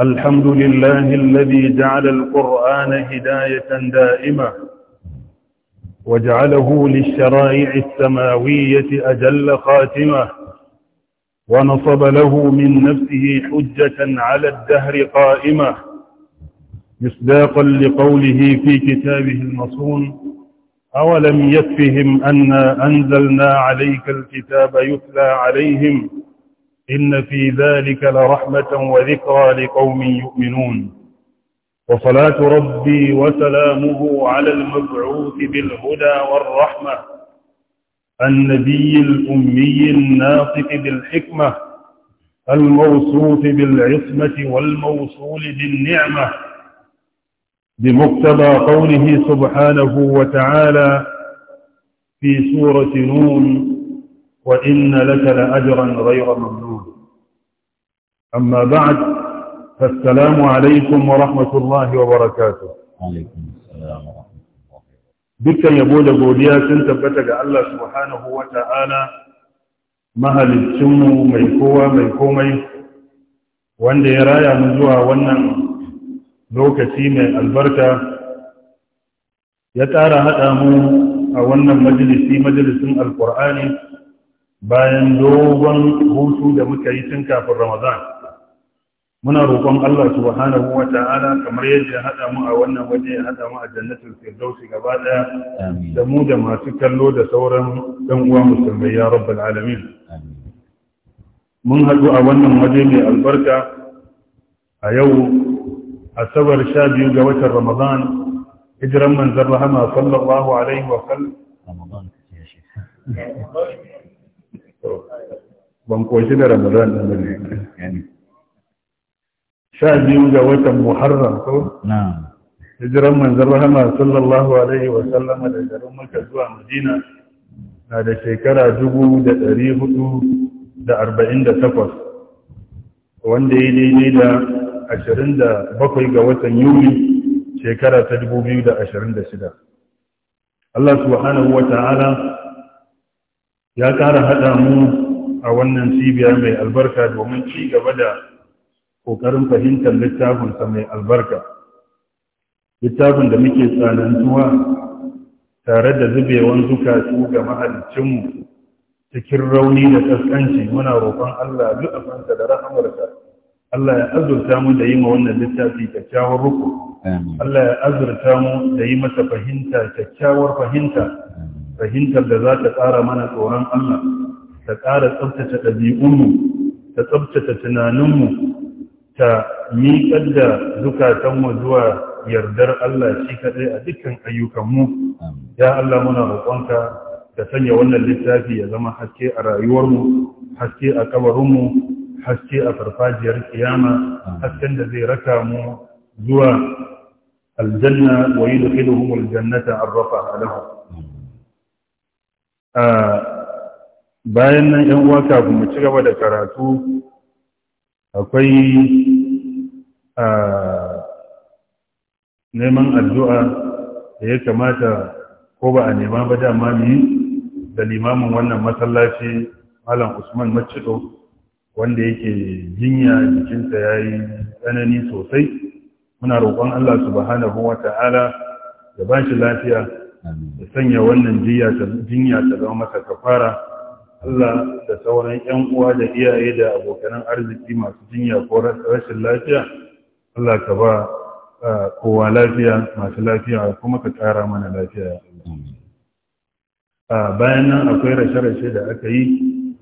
الحمد لله الذي جعل القرآن هداية دائمة وجعله للشرائع السماوية أجل خاتمة ونصب له من نفسه حجة على الدهر قائمة مصداقا لقوله في كتابه المصون أولم يكفهم أنا أنزلنا عليك الكتاب يتلى عليهم إن في ذلك لرحمة وذكرى لقوم يؤمنون وصلاة ربي وسلامه على المبعوث بالهدى والرحمة النبي الأمي الناطق بالحكمة الموصوف بالعصمة والموصول بالنعمة بمقتضى قوله سبحانه وتعالى في سورة نون وإن لك لأجرا غير ممنون Amma بعد فالسلام عليكم ورحمة الله وبركاته عليكم السلام dukkan yabo da godiya sun tabbata ga Allah subhanahu wa ta'ala mahalicinmu mai kowa mai komai wanda ya raya mu zuwa wannan lokaci mai albarka ya tsara haɗa mu a wannan majalisi majalisin alkur'ani bayan dogon hutu da muka yi tun kafin ramadan muna roƙon Allah subhanahu wa ta'ala kamar yadda ya haɗa mu a wannan waje ya haɗa mu a jannatin firdausi gaba ɗaya da mu da masu kallo da sauran ɗan uwa musulmai ya rabbal alamin mun haɗu a wannan waje mai albarka a yau asabar sha biyu ga watan ramadan hijiran manzan rahama sallallahu alaihi wa sallam ban koshi da ramadan ɗin ne sha biyu ga watan muharram ko hijiran manzan rahama sallallahu alaihi wa sallam da garin maka zuwa madina na da shekara dubu da ɗari hudu da arba'in da takwas wanda ya daidai da ashirin da bakwai ga watan yuli shekara ta dubu biyu da ashirin da shida Allah subhanahu wa ta'ala ya ƙara haɗa mu a wannan cibiya mai albarka domin ci gaba da ƙoƙarin fahimtar littafinsa mai albarka littafin da muke tsanantuwa tare da zubewan zukatu ga mahaliccinmu. cikin rauni da ƙasƙanci muna roƙon Allah lu'afansa da rahamarsa Allah ya azurta mu da yi ma wannan littafi kyakkyawar ruku Allah ya azurta mu da yi masa fahimta kyakkyawar fahimta fahimtar da za ta ƙara mana tsoron Allah ta ƙara tsabtace ɗabi'unmu ta tsabtace tunaninmu ta miƙar da zukatanmu zuwa yardar Allah shi kaɗai a dukkan ayyukanmu. Ya Allah muna roƙonka ka sanya wannan littafi ya zama haske a rayuwarmu, haske a kabarinmu, haske a farfajiyar kiyama, hasken da zai raka mu zuwa aljanna wa yi dukkanin aljannata an rafa alahu. Ah, bayan nan ‘yan uwa kafin mu ci gaba da karatu akwai neman addu'a da ya kamata ko ba a nema ba dama mami, da limamin wannan masallaci malam usman macido wanda yake jinya jikinsa ya yi tsanani sosai muna roƙon allah subhanahu wa ta'ala da ba shi lafiya da sanya wannan jinya ta zama masa kafara Allah da sauran 'yan uwa da iyaye da abokan arziki masu jinya ko rashin lafiya Allah ka ba kowa lafiya masu lafiya kuma ka ƙara mana lafiya bayan nan akwai rashe-rashe da aka yi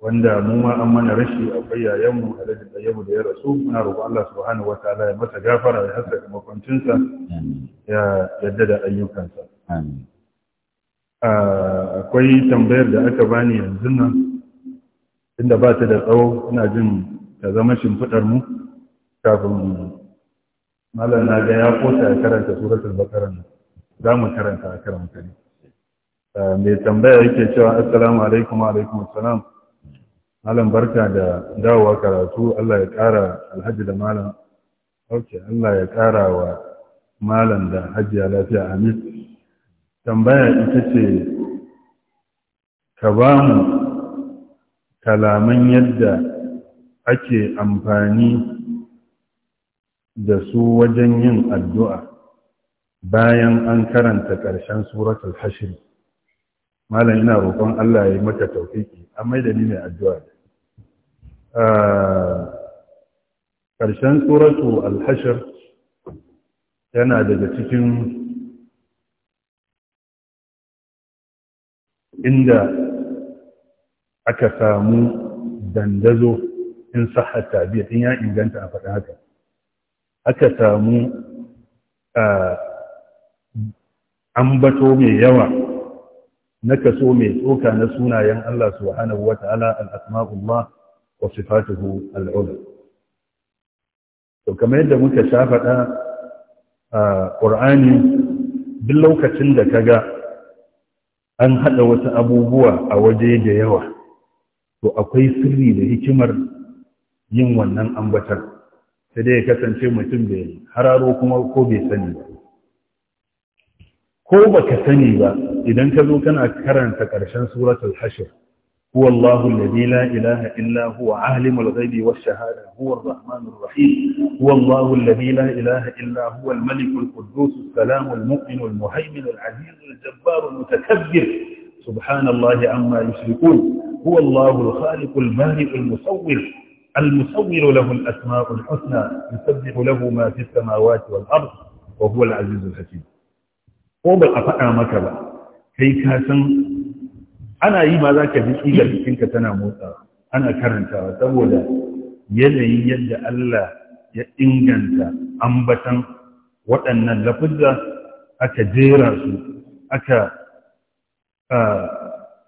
wanda mu ma an mana rashi akwai yayanmu alhaji tayyabu da ya rasu muna roƙon Allah subhanahu wataala ya masa gafara ya hasa da makwancinsa ya yadda da ayyukansa amin akwai tambayar da aka bani yanzu nan inda ba ta da tsawo ina jin ta zama shimfiɗar mu kafin malam na ga ya kota ya karanta suratul baqara nan za mu karanta a karanta kare mai tambaya yake cewa assalamu alaikum wa alaikum assalam malam barka da dawowa karatu Allah ya ƙara alhaji da malam ok Allah ya ƙara wa malam da hajiya lafiya amin tambaya ita ce ka ba mu kalaman yadda ake amfani da su wajen yin addu'a bayan an karanta ƙarshen suratul hashir malam ina roƙon Allah ya yi maka a mai da ni mai addu'a ah, ƙarshen suratul hashir yana daga cikin inda aka samu dandazo in sahar tabiya in ya inganta a faɗa haka aka samu ambato mai yawa na kaso mai tsoka na sunayen Allah subhanahu wa ta'ala al'asma'ullah wa sifatuhu al'ula. To, kamar yadda muka sha faɗa a ƙur'ani, duk lokacin da ka ga an haɗa wasu abubuwa a waje da yawa to akwai sirri da hikimar yin wannan ambatar sai dai ya kasance mutum bai hararo kuma ko bai sani ba ko baka sani ba idan ka zo kana karanta ƙarshen suratul hashir هو الله الذي لا إله إلا هو عالم الغيب والشهادة هو الرحمن الرحيم هو الله الذي لا إله إلا هو الملك القدوس السلام المؤمن المهيمن العزيز الجبار المتكبر سبحان الله عما يشركون هو الله الخالق البارئ المصور المصور له الأسماء الحسنى يسبح له ما في السماوات والأرض وهو العزيز الحكيم ko ba a faɗa maka ba kai ka san ana yi ma za ka ji tsigar jikinka tana motsa ana karantawa saboda yanayin yadda Allah ya inganta ambatan waɗannan lafuzza aka jera su aka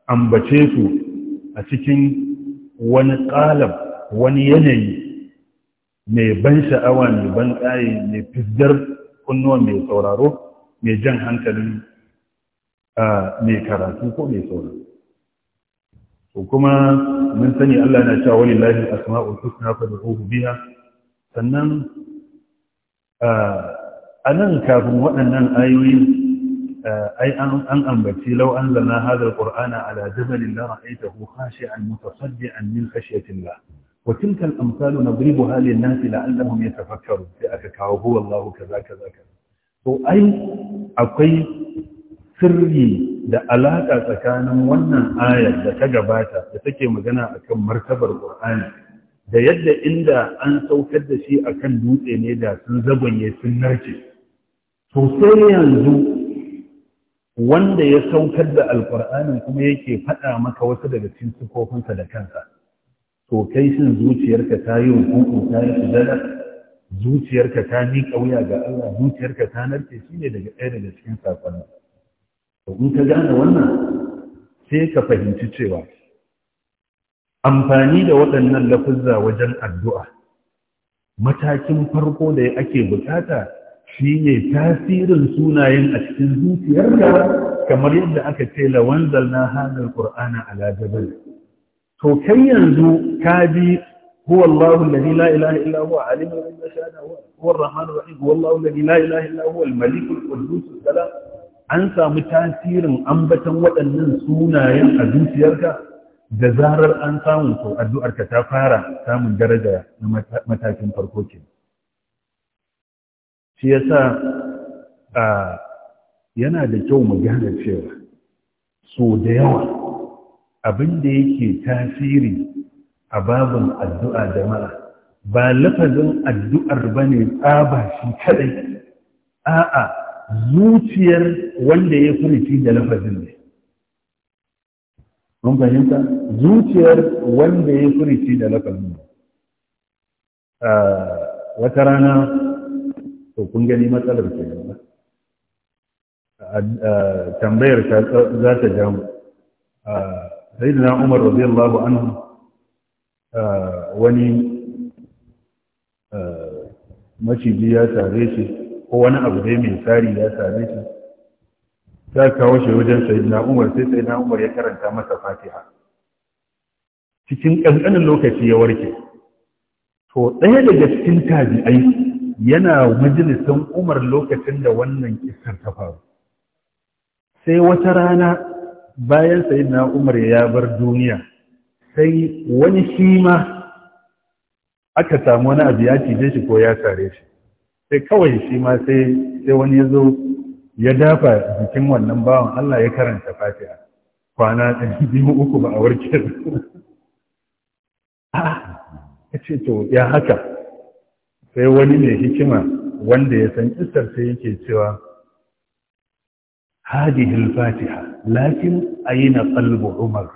ambace su a cikin wani ƙalab wani yanayi mai ban sha'awa ne, ban tsaye mai fisgar kunnuwa mai sauraro mai jan hankalin mai karatu ko mai sauraro kuma mun sani Allah na cewa walillahi asma'ul husna fad'uhu biha sannan a nan kafin waɗannan ayoyi ai an ambaci law anzalna hadha alqur'ana ala jabalin la ra'aytahu khashi'an mutasaddian min khashyatillah wa tilka al-amsalu nadribuha lin-nasi la'allahum yatafakkarun sai aka kawo huwa Allahu kaza kaza kaza to ai akwai sirri da alaƙa tsakanin wannan ayar da ta gabata da take magana a kan martabar Kur'ani, da yadda inda an saukar da shi a kan dutse ne da sun zagonye sun narke to yanzu wanda ya saukar da alƙur'anin kuma yake faɗa maka wasu daga cikin sukofinsa da kansa to kai shin zuciyarka ta yi hukuku ta yi shidara zuciyarka ta miƙa wuya ga Allah zuciyarka ta narke ne daga ɗaya daga cikin saƙonin in ka gane wannan sai ka fahimci cewa amfani da waɗannan lafuzza wajen addu'a matakin farko da ya ake bukata shi ne tasirin sunayen a cikin zuciyar da kamar yadda aka ce lawan na hadar ƙur'ana ala jabal to kai yanzu ka bi هو الله الذي لا إله إلا هو عالم الغيب شهادة هو الرحمن الرحيم هو الله الذي لا إله إلا هو الملك القدوس السلام an samu tasirin ambaton waɗannan sunayen a zuciyarka da zarar an samu to addu'arka ta fara samun daraja na matakin farko ke shi yasa a yana da kyau mu gane cewa so da yawa abin da yake tasiri a babin addu'a jama'a ba lafazin addu'ar ba ne tsaba shi kadai a'a zuciyar wanda ya furuci da lafazin ne mun fahimta zuciyar wanda ya furuci da lafazin ne ah, wata rana to kun gani matsalar ke ah, ah, tambayar za ta jamu sai da na umar radiyallahu anhu wani maciji ya tare shi ko wani abu dai mai tsari ya same shi ta kawo shi wajen sayyidina umar sai sayyidina umar ya karanta masa fatiha cikin ƙanƙanin lokaci ya warke to ɗaya daga cikin tabi'ai yana majalisan umar lokacin da wannan kisar ta faru sai wata rana bayan sayyidina umar ya bar duniya sai wani shi ma aka samu wani abu ya cije shi ko ya sare shi sai kawai shi ma sai sai wani ya zo ya dafa jikin wannan bawan Allah ya karanta fatiha kwana ɗari biyu uku ba a warke ah, ya ce to ya haka sai wani mai hikima wanda ya san isar sai yake cewa هذه الفاتحة لكن أين قلب عمر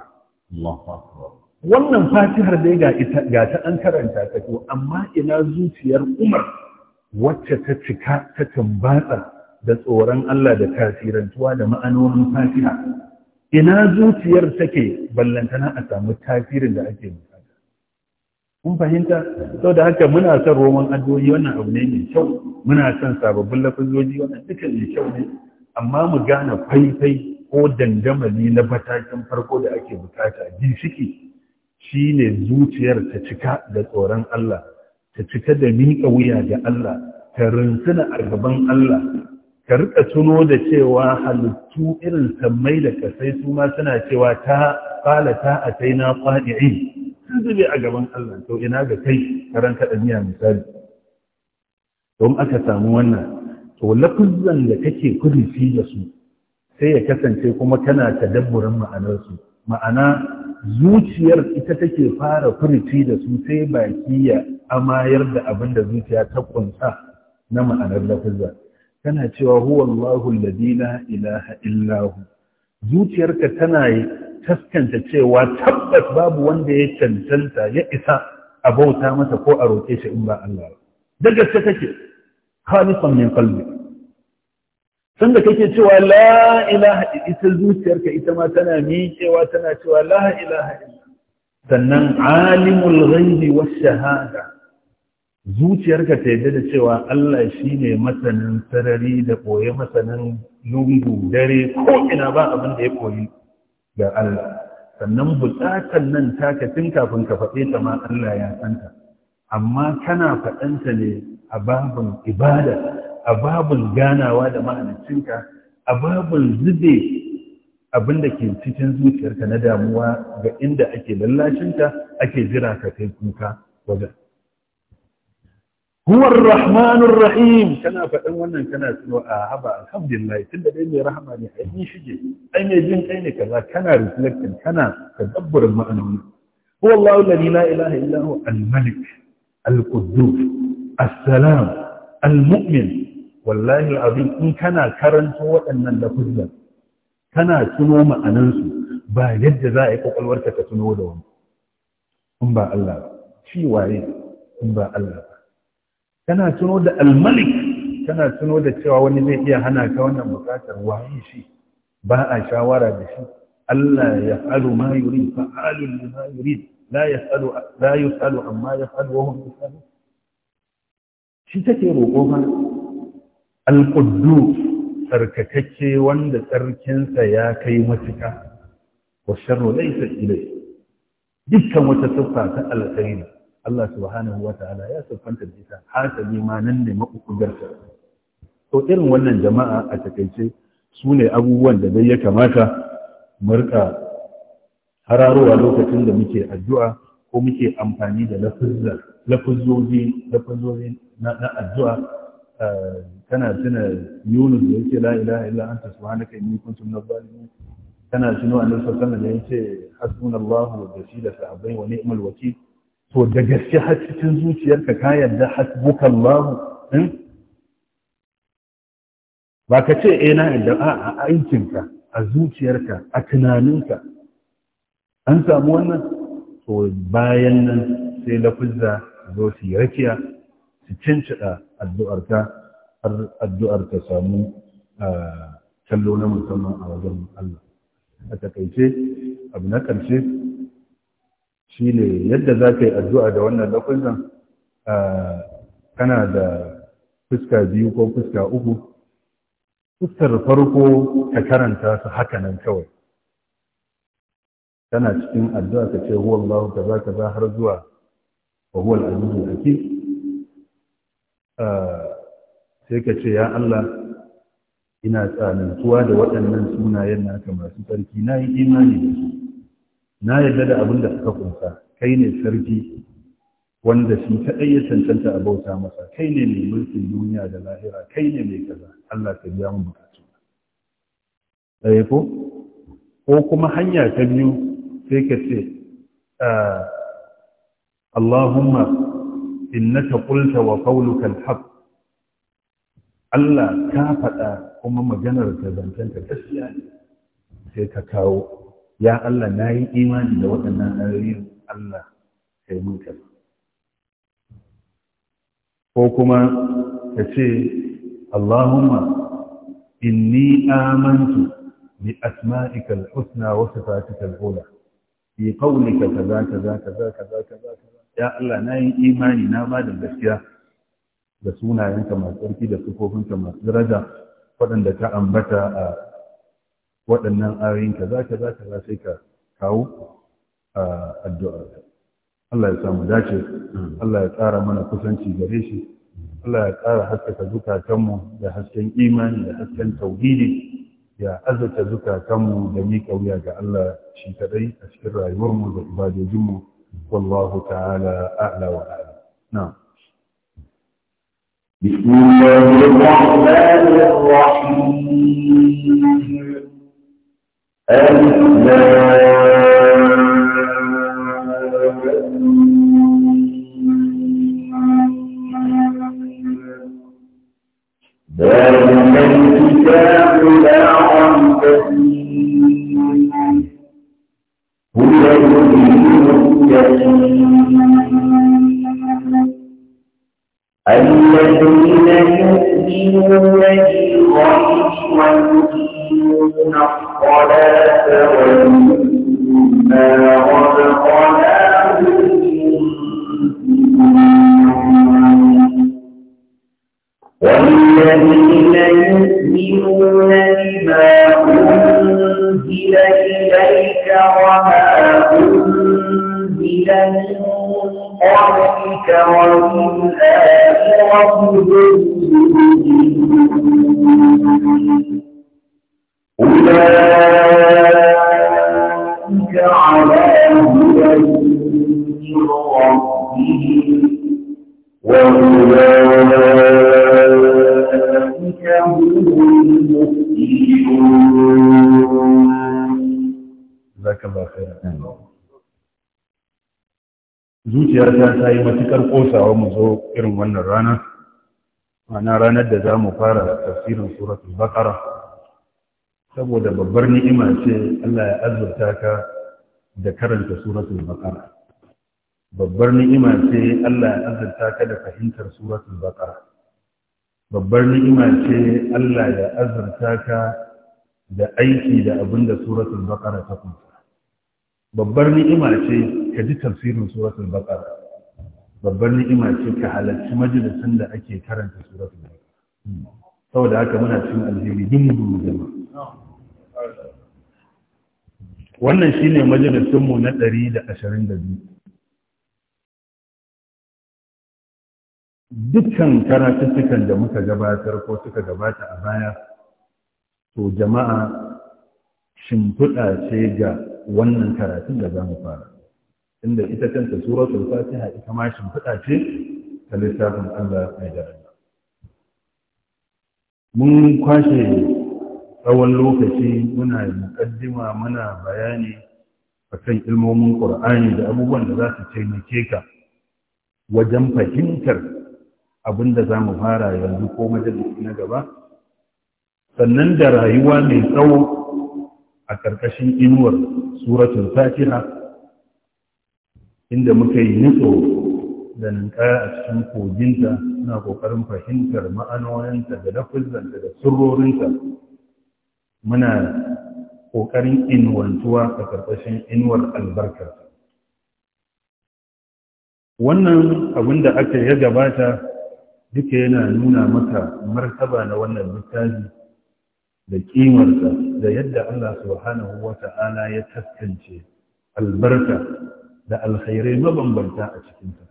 الله أكبر wannan fatihar dai ga ga ta an karanta ta to amma ina zuciyar Umar wacce ta cika ta tumbatsa da tsoron Allah da tasirantuwa da ma'anonin fatiha ina zuciyar take ballantana a samu tasirin da ake bukata kun fahimta sau da haka muna son roman addu'o'i wannan abu ne mai kyau muna son sababbin lafazoji wannan duka mai kyau ne amma mu gane faifai ko dandamali na matakin farko da ake bukata ginshiki shine zuciyar ta cika da tsoron Allah ta cika da miƙa wuya ga Allah ta rinsuna a gaban Allah ka riƙa tuno da cewa halittu irin sammai da kasai su ma suna cewa ta fala ta a tai na kwaɗi'i sun zube a gaban Allah to ina ga kai karan kaɗa miya misali don aka samu wannan to lafizan da kake fi da su sai ya kasance kuma kana tadabburin ma'anarsu ma'ana zuciyar ita take fara furici da su sai baki ya amayar da abin da zuciya ta kunsa na ma'anar lafiza. tana cewa huwa Allahu alladhi la ilaha illa hu zuciyarka tana taskanta cewa tabbas babu wanda ya cancanta ya isa a bauta masa ko a roƙe shi in ba Allah ba da gaske take khalisan min qalbi sanda kake cewa la ilaha ita zuciyarka ita ma tana miƙewa tana cewa la ilaha illa sannan alimul ghaibi was shahada zuciyarka ta yadda da cewa Allah shine masanin sarari da koye masanin lungu dare ko ina ba abin da ya koyi ga Allah sannan buƙatar nan taka tun kafin ka faɗe ta ma Allah ya santa amma kana faɗanta ne a babin ibada a babul ganawa da ma'anacinka a babul zube abinda ke cikin zuciyarka na damuwa ga inda ake lallashinka ake jira ka kai kuka wajen huwar rahmanur rahim kana faɗin wannan kana tsoro a haba alhamdulillah tunda dai mai rahama ne ai ni shige ai mai jin kai ne kaza kana reflecting kana dabbar ma'anoni huwa allah alladhi la ilaha illa hu al malik al quddus as salam al mu'min wallahi abin in kana karanto waɗannan lafuzan kana tuno ma'anansu ba yadda za a yi kwakwalwarka ka tuno da wani in ba Allah ba shi waye in ba Allah ba kana tuno da almalik kana tuno da cewa wani zai iya hana ka wannan bukatar waye shi ba a shawara da shi Allah ya falu ma yuri fa'alun lima yuri la yasalu la yasalu amma yasalu wa hum yasalu shi take roƙo ma alƙuddu tsarkakakke wanda tsarkinsa ya kai matuka wa sharru laysa ilayhi dukkan wata siffa ta alkhairi Allah subhanahu wata'ala ya siffanta da ita hasali ma nan ne makukugarta to irin wannan jama'a a takaice sune abubuwan da dai ya kamata mu rika hararowa lokacin da muke addu'a ko muke amfani da lafuzzoji na addu'a kana tuna yunus da yake la ilaha illa anta subhanaka inni kuntu minaz zalimin kana tuna annabi sallallahu alaihi da yake hasbunallahu wa da sahabbai wa ni'mal wakil to da gaske har cikin zuciyarka ka yarda hasbukallahu in hmm? ba ka ce eh na yarda a aikinka a zuciyarka a tunaninka an samu wannan to bayan nan sai lafuzza zo su yi rakiya su cincida addu'arta har addu'ar ta samu tallo na musamman a wajen Allah a takaice abu na ƙarshe shi ne yadda za ka yi addu'a da wannan a kana da fuska biyu ko fuska uku fuskar farko ka karanta su haka nan kawai tana cikin addu'a ka ce huwa Allah ka za ka za har zuwa wa huwa al'azizu hakim Ah, sai ka ce ya Allah ina tsanantuwa da waɗannan sunayen naka masu sarki na yi imani da su na yarda da abin da suka kunsa kai ne sarki wanda shi kaɗai ya cancanta a bauta masa kai ne mai mulkin duniya da lahira kai ne mai kaza Allah ka biya mun bukatu ɗaya eh, ko ko kuma hanya ta biyu sai ka ce ah, Allahumma innaka qulta wa qawluka al-haq Allah ka faɗa kuma maganar ka zancen ta gaskiya ne sai ka kawo ya Allah na yi imani da waɗannan ayoyin Allah sai mun ko kuma ka ce Allahumma inni amantu bi asma'ika al-husna wa sifatika al-ula fi qawlika kaza kaza kaza kaza kaza ya Allah na yi imani na ba da gaskiya da sunayenka masu tsarki da sufofinka masu daraja waɗanda ka ambata a waɗannan ayoyinka za ka za ka za ka kawo a addu'a Allah ya samu dace Allah ya tsara mana kusanci gare shi Allah ya tsara haskaka zukatanmu da hasken imani da hasken tauhidi ya azurta zukatanmu da ni wuya ga Allah shi kaɗai a cikin rayuwarmu da ibadojinmu والله تعالى أعلى وأعلم نعم بسم الله الرحمن الرحيم ذلك الكتاب لا ريب فيه الذين يؤمنون بالغيب ويقيمون الصلاة ومما رزقناهم والذين يؤمنون sawa mu zo irin wannan rana ma'ana ranar da za mu fara tafsirin suratul baqara saboda babbar ni'ima ce Allah ya azurta ka da karanta suratul baqara babbar ni'ima ce Allah ya azurta ka da fahimtar suratul baqara babbar ni'ima ce Allah ya azurta ka da aiki da abin da suratul baqara ta kunsa babbar ni'ima ce ka ji tafsirin suratul baqara Babban ni'ima ce ka halarci majalisun da ake karanta suratul baqara saboda haka muna cikin alheri din mu jama'a wannan shine majalisun mu na 122 dukkan karatuttukan da muka gabatar ko suka gabata a baya to jama'a shimfiɗa ce ga wannan karatun da za mu fara inda ita kanta suratul fatiha ita ma shimfiɗa ce ta littafin Allah mai daraja mun kwashe tsawon lokaci muna muƙaddima muna bayani akan ilmomin ƙur'ani da abubuwan da za su taimake ka wajen fahimtar abin da za mu fara yanzu ko majalisi na gaba sannan da rayuwa mai tsawo a ƙarƙashin inuwar suratul fatiha inda muka yi nitso da ninkaya a cikin koginta na ƙoƙarin fahimtar ma'anoninta da lafizanta da surrorinta muna ƙoƙarin inuwantuwa a ƙarƙashin inuwar albarka. wannan abin da aka ya gabata duka yana nuna maka martaba na wannan littafi da ƙimarsa da yadda Allah subhanahu wa ta'ala ya taskance albarka da alkhairai mabambanta a cikinta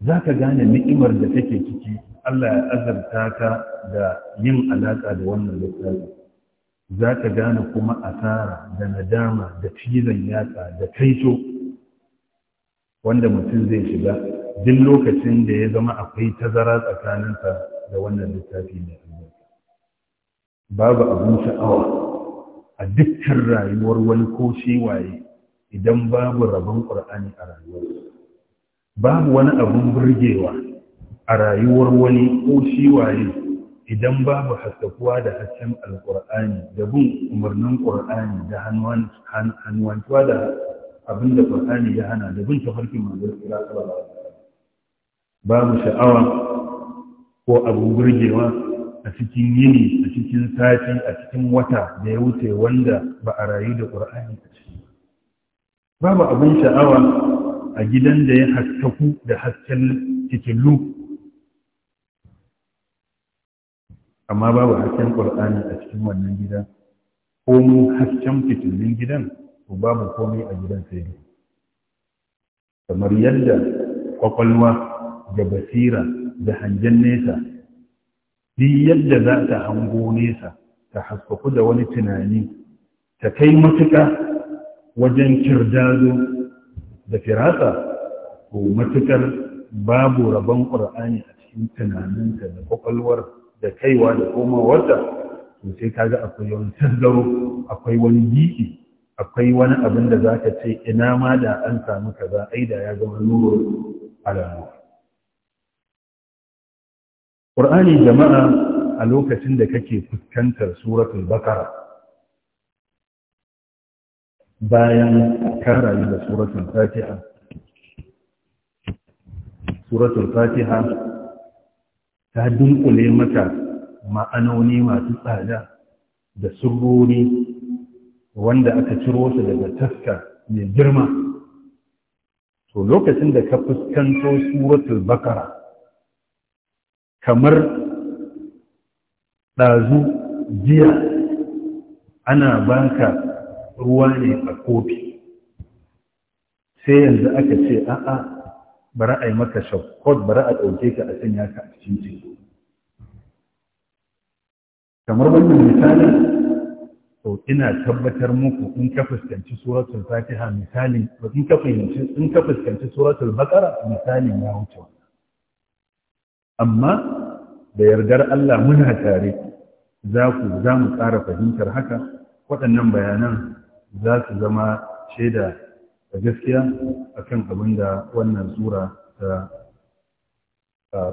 za ka gane ni'imar da take ciki Allah ya azarta ka da yin alaƙa da wannan littafi za ka gane kuma asara da nadama da cizon yatsa da kaito wanda mutum zai shiga duk lokacin da ya zama akwai tazara tsakaninsa da wannan littafi da babu abun sha'awa a dukkan rayuwar wani ko shi waye idan babu rabon ƙur'ani a rayuwar, babu wani abun burgewa a rayuwar wani ko shi waye idan babu haskakuwa da hasken alƙur'ani da bin umarnin ƙur'ani da hannuwantuwa da abin da ƙur'ani ya hana da bin tafarkin manzon kira babu sha'awa ko abun burgewa a cikin yini a cikin sati a cikin wata da ya wuce wanda ba a rayu da ƙur'ani a babu abin sha'awa a gidan da ya haskaku da hasken fitilu amma babu hasken ƙur'ani a cikin wannan gida ko mu hasken fitilun gidan to babu komai a gidan sai kamar yadda kwakwalwa da basira da hangen nesa duk yadda za ta hango nesa ta haskaku da wani tunani ta kai matuƙa wajen kirdado da firasa ko matukar babu rabon ƙur'ani a cikin tunaninka da ƙwaƙwalwar da kaiwa da komawarta to sai ga akwai wani tasgaro akwai wani giki akwai wani abin da za ka ce ina ma da an samu kaza ai da ya zama nuru alamu ƙur'ani jama'a a lokacin da kake fuskantar suratul bakara bayan karayi da suratun fatiha suratun fatiha ta dunkule mata ma'anoni masu tsada da surrori wanda aka ciro su daga taska mai girma to lokacin da ka fuskanto suratun bakara kamar ɗazu jiya ana baka ruwa ne a kofi sai yanzu aka ce a'a bari a yi maka shakkot bari a ɗauke ka a sanya ka a cikin teku kamar wannan misalin to ina tabbatar muku in ka fuskanci suratul fatiha misalin in ka fahimci in ka fuskanci suratul baqara misalin ya wuce amma da yardar Allah muna tare za ku za mu ƙara fahimtar haka waɗannan bayanan za su zama shaida da gaskiya a kan abin da wannan tsura ta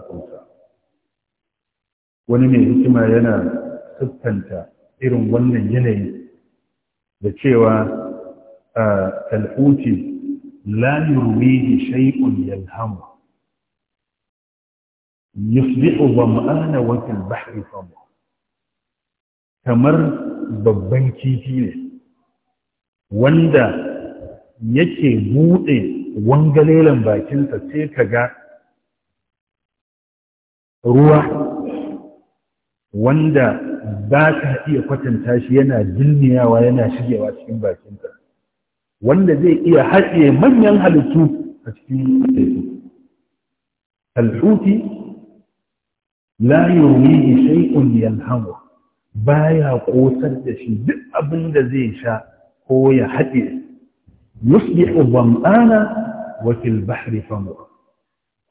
ƙunsa. wani mai hikima yana siffanta irin wannan yanayi da cewa talhuti la yurwihi shay'un yalhamu yusbihu dham'ana wa kal bahri kamar babban kifi ne wanda yake buɗe wangalelen bakinsa sai ka ga ruwa wanda ba ka iya kwatanta shi yana jinniyawa yana shigewa cikin bakinsa wanda zai iya haɗe manyan halittu a cikin halittu. la yurihi shay'un yalhamu baya kosar da shi duk abin da zai sha ko ya haɗe yusbihu zam'ana wa fil bahri famu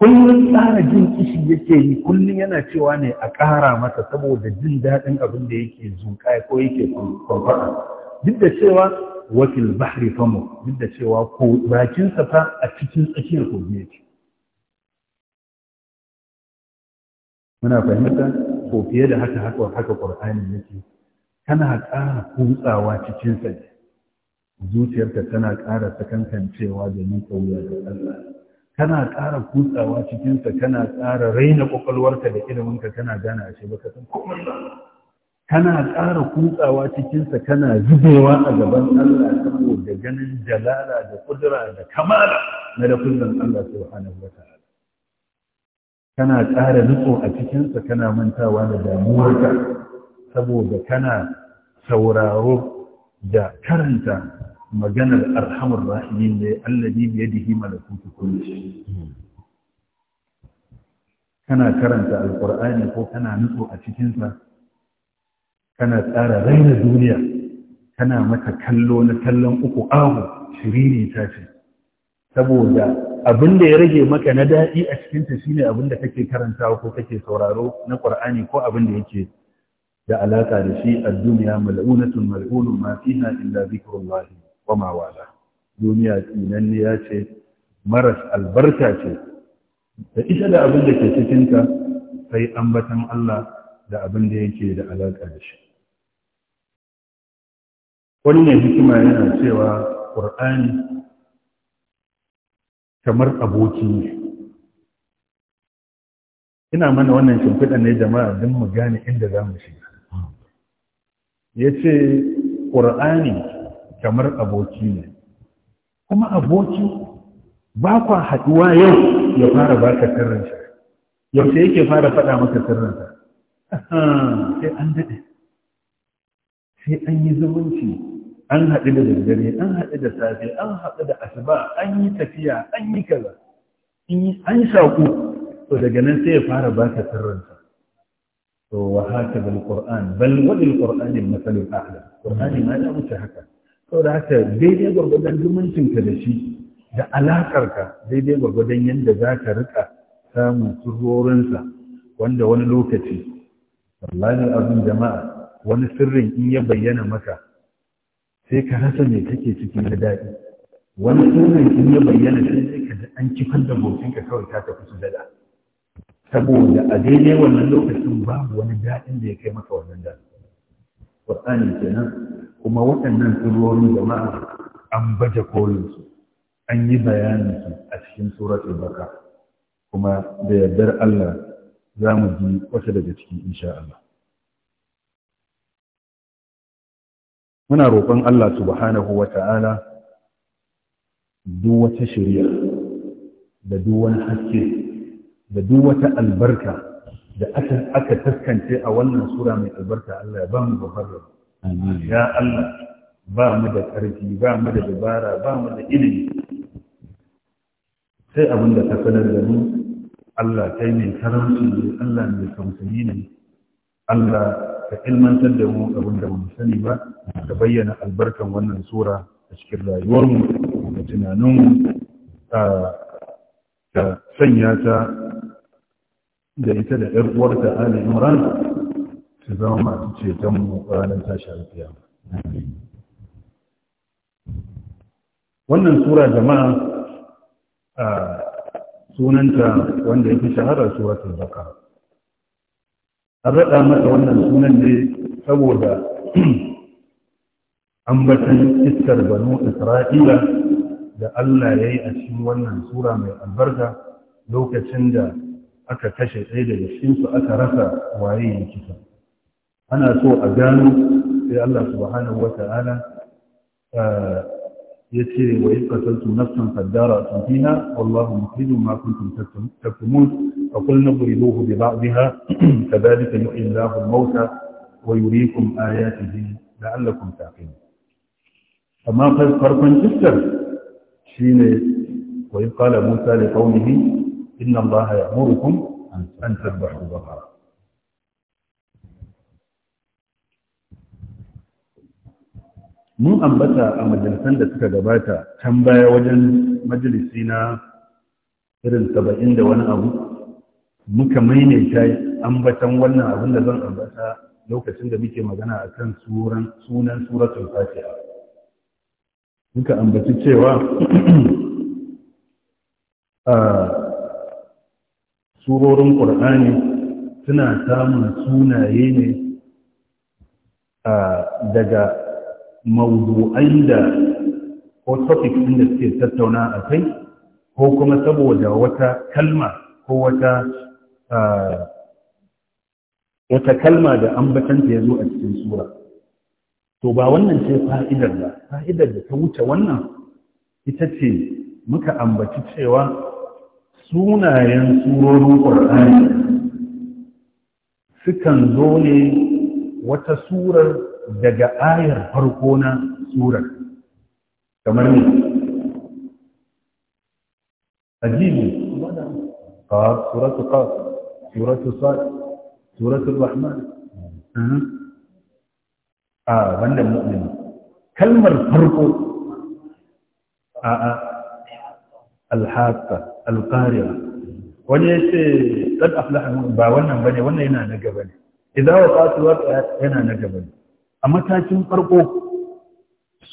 kullum tsara jin kishi yake yi kullum yana cewa ne a ƙara masa saboda jin daɗin abin da yake zunƙa ko yake kwamfada duk da cewa wakil bahri famu duk da cewa ko bakinsa fa a cikin tsakiyar kogi yake muna fahimta ko fiye da haka haka haka ƙur'ani yake kana ƙara kutsawa cikin sa zuciyarka tana ƙara sakankancewa da miƙa wuya da Allah kana ƙara kutsawa cikinsa kana ƙara raina ƙwaƙwalwarka da iliminka kana gane ashe baka san komai ba kana ƙara kutsawa cikinsa kana zubewa a gaban Allah saboda ganin jalala da kudura da kamala na da kullum Allah subhanahu wa ta'ala kana ƙara nutso a cikinsa kana mantawa da damuwarka saboda kana sauraro da karanta maganar arhamar rahimin ne da bi yadihi malakutu kulli shi. kana karanta alkur'ani ko kana nutso a cikinsa? kana tsara raina duniya kana mata kallo na kallon uku ahu ne ta ce saboda abin da ya rage maka na daɗi a cikinta shine abin da kake karantawa ko kake sauraro na ƙur'ani ko abin da yake da alaƙa da shi a duniya mal'unatun mal'unun ma fiha illa zikrullahi komawa mawala duniya ya ce maras albarka ce da ita da abin da ke cikinta sai ambatan Allah da abin da yake da alaƙa da shi wani ne hikima yana cewa ƙur'ani kamar aboki ne ina mana wannan shimfiɗa ne jama'a don mu gane inda za mu shiga ya ce ƙur'ani kamar aboki ne kuma aboki ba kwa haɗuwa yau ya fara baka sirrin shi yau sai yake fara faɗa maka sirrinsa sai an daɗe sai an yi zumunci an haɗu da daddare an haɗu da safe an haɗu da asuba an yi tafiya an yi kaza an yi saƙo to daga nan sai ya fara baka sirrinsa to wa haka bil qur'an bal wa bil qur'an masalul a'la qur'ani ma ya wuce haka saboda haka daidai gwargwadon zumuncinka da shi da alaƙarka daidai gwargwadon yadda za ka rika samun sirrorinsa wanda wani lokaci wallahi abin jama'a wani sirrin in ya bayyana maka sai ka rasa mai kake ciki na daɗi wani sirrin in ya bayyana sai ka an kifar da bokinka kawai ta tafi su dada, saboda a daidai wannan lokacin babu wani daɗin da ya kai maka wannan daɗi ƙwarƙani kenan kuma waɗannan surori jama'a an baje kolinsu an yi bayaninsu a cikin suratul baka kuma da yardar Allah za mu ji wata daga ciki insha Allah muna roƙon Allah subhanahu wa ta'ala duk wata shirya, da duk wani haske da duk wata albarka da aka taskance a wannan sura mai albarka Allah ya ba mu muharram ya Allah ba mu da ƙarfi ba mu da dabara ba mu da ilimi sai abin da ka sanar da mu Allah kai mai karamci ne Allah mai kamsani ne Allah ka ilmantar da mu abin da mu sani ba ka bayyana albarkan wannan sura a cikin rayuwarmu da tunaninmu ka sanya ta da ita da ‘yar uwarta Ali Imran su zama masu ceton mu ranar tashi Wannan sura jama'a a sunanta wanda ya fi shahara suratul baka. An raɗa mata wannan sunan ne saboda ambatan iskar banu Isra'ila da Allah ya yi a cikin wannan sura mai albarka lokacin da aka kashe ɗaya da cikinsu aka rasa waye ya kisa ana so a gano sai Allah subhanahu ta'ala eh, ya ce wa yi kasarsu nafsan kaddara a tunfiha wallahu mukhrijun ma kuntum taktumun fa qul nabriduhu bi ba'dihha kadhalika yuhyi Allahu al-mauta wa yuriikum ayatihi la'allakum taqilun amma farkon iskar shine wa yi qala Musa li qaumihi إن الله يأمركم أن تذبحوا بقرة mun ambata a majalisan da suka gabata can baya wajen majalisi na irin saba'in da wani abu muka maimaita ambatan wannan abin da zan ambata lokacin da muke magana a kan sunan suratun fatiha muka ambaci cewa a surorin ƙur'ani suna samun sunaye ne daga mawudu'ai da ko topics da suke tattauna a kai ko kuma saboda wata kalma ko wata kalma da ambatanta ya zo a cikin sura to ba wannan ce fa'idar ba fa'idar da ta wuce wannan ita ce muka ambaci cewa sunayen surorin ƙwar'ani sukan zo ne wata surar daga ayar farko na surar kamar ne alƙariya wani ya ce ɗan aflahan ba wannan ba ne wannan yana na gaba ne idan wa wa yana na gaba ne a matakin farko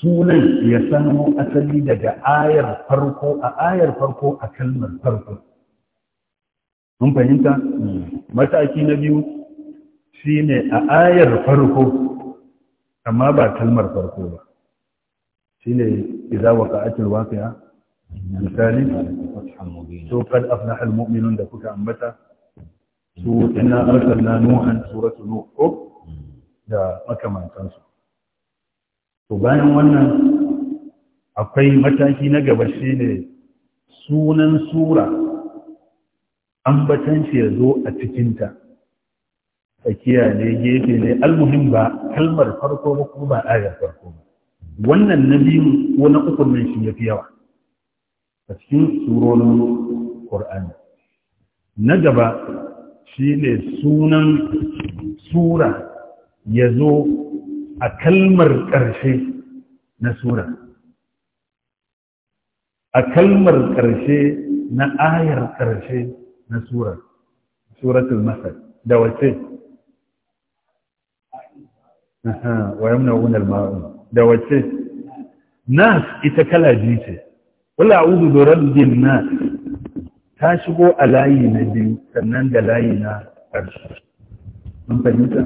sunan ya samo asali daga ayar farko a ayar farko a kalmar farko mun fahimta mataki na biyu shine a ayar farko amma ba kalmar farko ba shine idza wa waqi'a misali so kad aflaha almu'minun da kuka ambata su inna arsalna nuhan suratu nuh ko hmm. da su to bayan wannan akwai mataki na gaba shine sunan sura ambatan shi ya zo a cikinta tsakiya ne gefe ne almuhim ba kalmar farko ba ko ba ayar farko wannan na biyu ko na uku shi yafi yawa a cikin surorin ƙur'ani na gaba shi ne sunan sura ya zo a kalmar ƙarshe na sura a kalmar ƙarshe na ayar ƙarshe na sura suratul masar da wace wa yamna wunar ma'un da wace nas ita kala ce wala udu da rabbin na ta shigo a layi na biyu sannan da layi na ƙarshe mun fahimta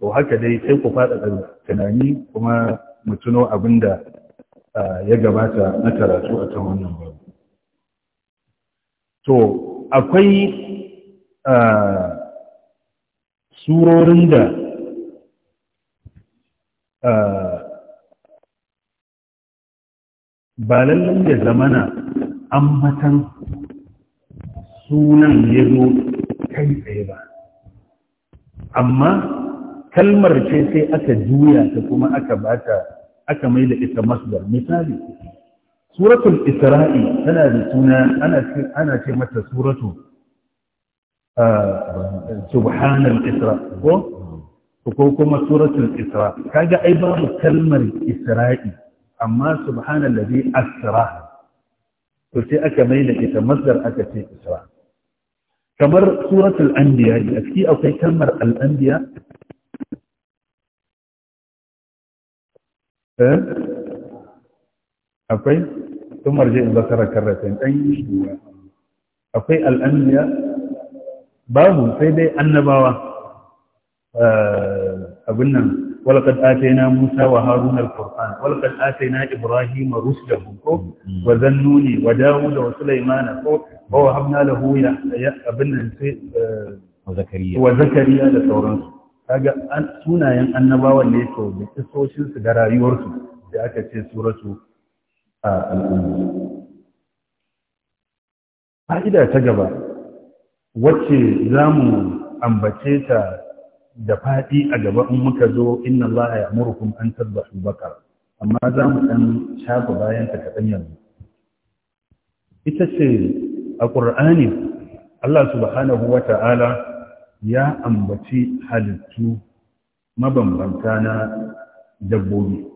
to haka dai sai ku faɗa tunani kuma mu tuno abinda ya gabata na karatu a kan wannan babu to akwai surorin da ba lallai ya zamana ambatan sunan ya zo kai tsaye ba amma kalmar ce sai aka juya ta kuma aka bata aka mai da ita masdar misali suratul isra'i tana da suna ana ce ana ce mata suratu ah, subhanal isra ko ko kuma suratul isra kaga ai babu kalmar isra'i amma subhanallazi asra to sai aka mai da ita masdar aka ce isra kamar suratul anbiya a ciki akwai kalmar al-anbiya eh akwai tumar je bakara karratin dan shiwa akwai al babu sai dai annabawa eh, abin nan walakad atena musa wa haruna alquran walakad atena ibrahima rusulahu ko wa zannuni wa dawuda wa sulaimana ko wa wahabna lahu ya abinnan sai wa zakariya da sauransu kaga sunayen annabawa ne to da kisoshin su da rayuwar su da aka ce suratu a al'umma fa'ida ta gaba wacce zamu ambace ta da faɗi a gaba in muka zo inna Allah ya amurkum an tadbahu bakar amma za mu ɗan shafa bayan ta kaɗan yanzu ita ce a ƙur'ani Allah subhanahu wa ta'ala ya ambaci halittu mabambanta na dabbobi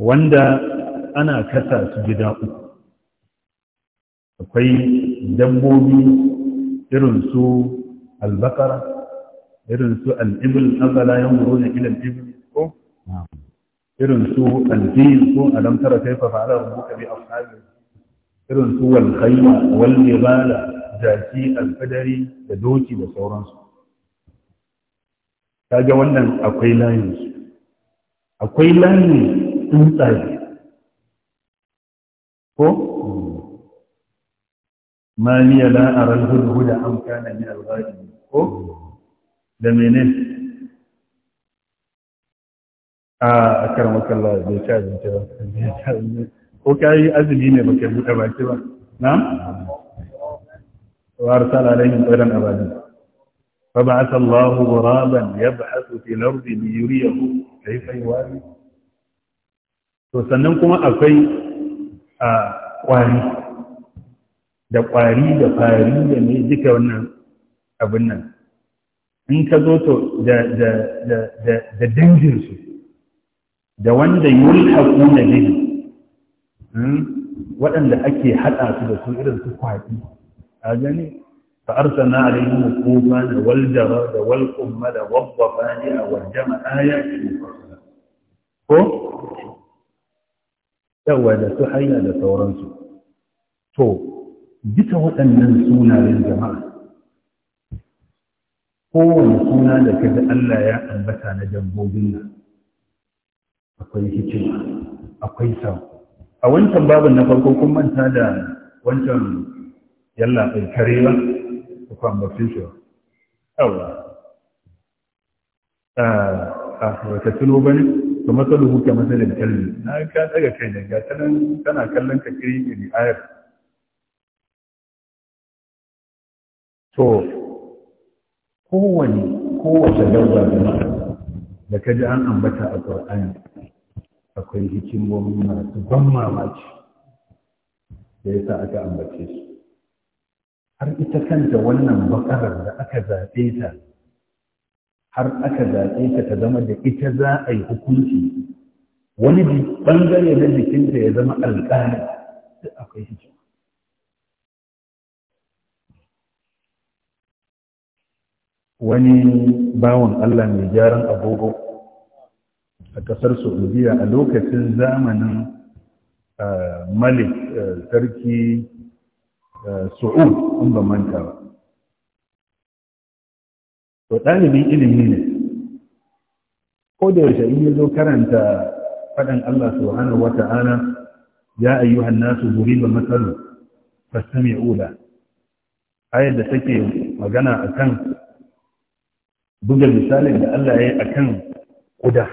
wanda ana kasa su gida uku akwai dabbobi irin su albakara irin su al'ibul azala yan wuro ne ilal ibul ko irin su alfil ko alam tara kaifa fa'ala rabbuka bi ashabi irin su wal khayma wal jibala jaki alfadari da doki da sauransu kaga wannan akwai layin su akwai layin tsuntsaye ko ma liya la ara al-hudhuda am kana al-ghaib ko da mene a karamakan lawa bai ci ce ba ko ka yi azumi ne baka buɗe baki ba na? wa arsala alaihim qadan abadi fa ba'atha Allahu ghuraban yab'athu fil ardi li yuriyahu kayfa yuwari to sannan kuma akwai a kwari da kwari da fari da ne duka wannan abin nan in ka zo to da da da da dangin su da wanda yulhaqu na hmm, waɗanda ake haɗa su da su irin su kwaɗi a gani fa arsalna alaihim tufana wal jara da wal qummala wa dhafani wa jama'a ya ko yawa da su hayya da sauransu to duka waɗannan sunayen jama'a kowane suna da ka ji Allah ya ambata na dabbobin nan akwai hikima akwai sako a wancan babin na farko kun manta da wancan yalla kai kare ba ku fi shi yawa a wata tuno ba ne to masaluhu ka masalin kalbi na ka daga kai da gata tana kallon ka kiri iri ayar to kowane kowace dabba da ka ji an ambata a ƙur'ani akwai hikimomi masu ban mamaci da ya sa aka ambace su har ita kanta wannan bakarar da aka zaɓe ta har aka zaɓe ta ta zama da ita za a yi hukunci wani bangare na jikinta ya zama alƙalin, da akwai hikima wani bawan Allah mai gyaran agogo a ƙasar Saudiya a lokacin zamanin ah, Malik eh, sarki eh, Su'ud in ba manta ba. To ɗalibin ilimi ne, ko da yaushe in yi zo karanta faɗin Allah subhanahu wa ta'ala ya ayyuhan nasu guri ba matsalu, fasami ula, ayar da take magana a kan buga misalin da Allah ya yi a kan ƙuda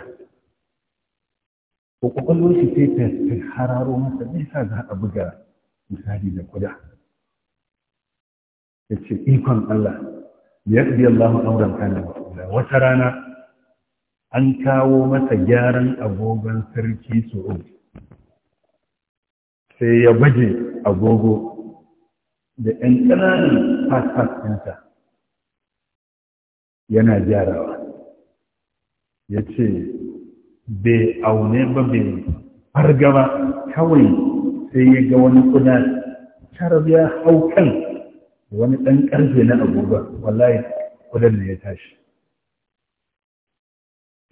ko ƙwaƙwalwar shi sai ta hararo masa nisa za a buga misali da ƙuda ya ce ikon Allah ya ɗi Allah ma'auran kana wasu wata rana an kawo masa gyaran agogon sarki su. sai ya baje agogo da 'yan ƙananan fasfas fas ɗinsa yana gyarawa ya ce bai aune ba bai fargaba kawai sai ya ga wani kuna tarar ya hau kan wani ɗan ƙarfe na abubuwa wallahi kudan ne ya tashi